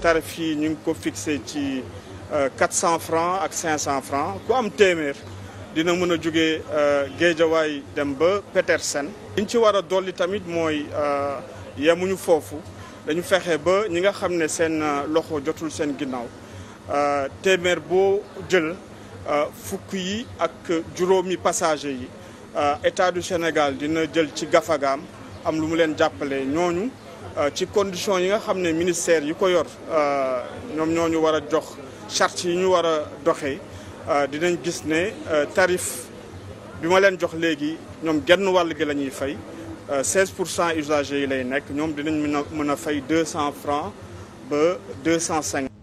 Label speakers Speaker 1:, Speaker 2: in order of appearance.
Speaker 1: tarif yi ñu ngi ko fixé ci 400 euh, francs ak 500 francs ku am téeméer dina mën a jóge euh, Géejawaay dem ba Petersen liñ ci war a dolli tamit mooy euh, yemuñu foofu dañu fexe ba ñi nga xam ne seen loxo jotul seen ginnaaw téeméer boo jël fukk yi ak juróomi passager yi état du Sénégal dina jël ci gafagaam am lu mu leen jàppale ñooñu Euh, ci condition yi nga xam ne ministère yi ko yor euh, ñoom ñoo ñu war a jox charte yi ñu war a doxee euh, dinañ gis ne tarif bi ma leen jox léegi ñoom genn wàll gi la ñuy fay 16 pour cent usagers yi lay nekk ñoom dinañ mën a mën a fay 200 francs ba
Speaker 2: 250.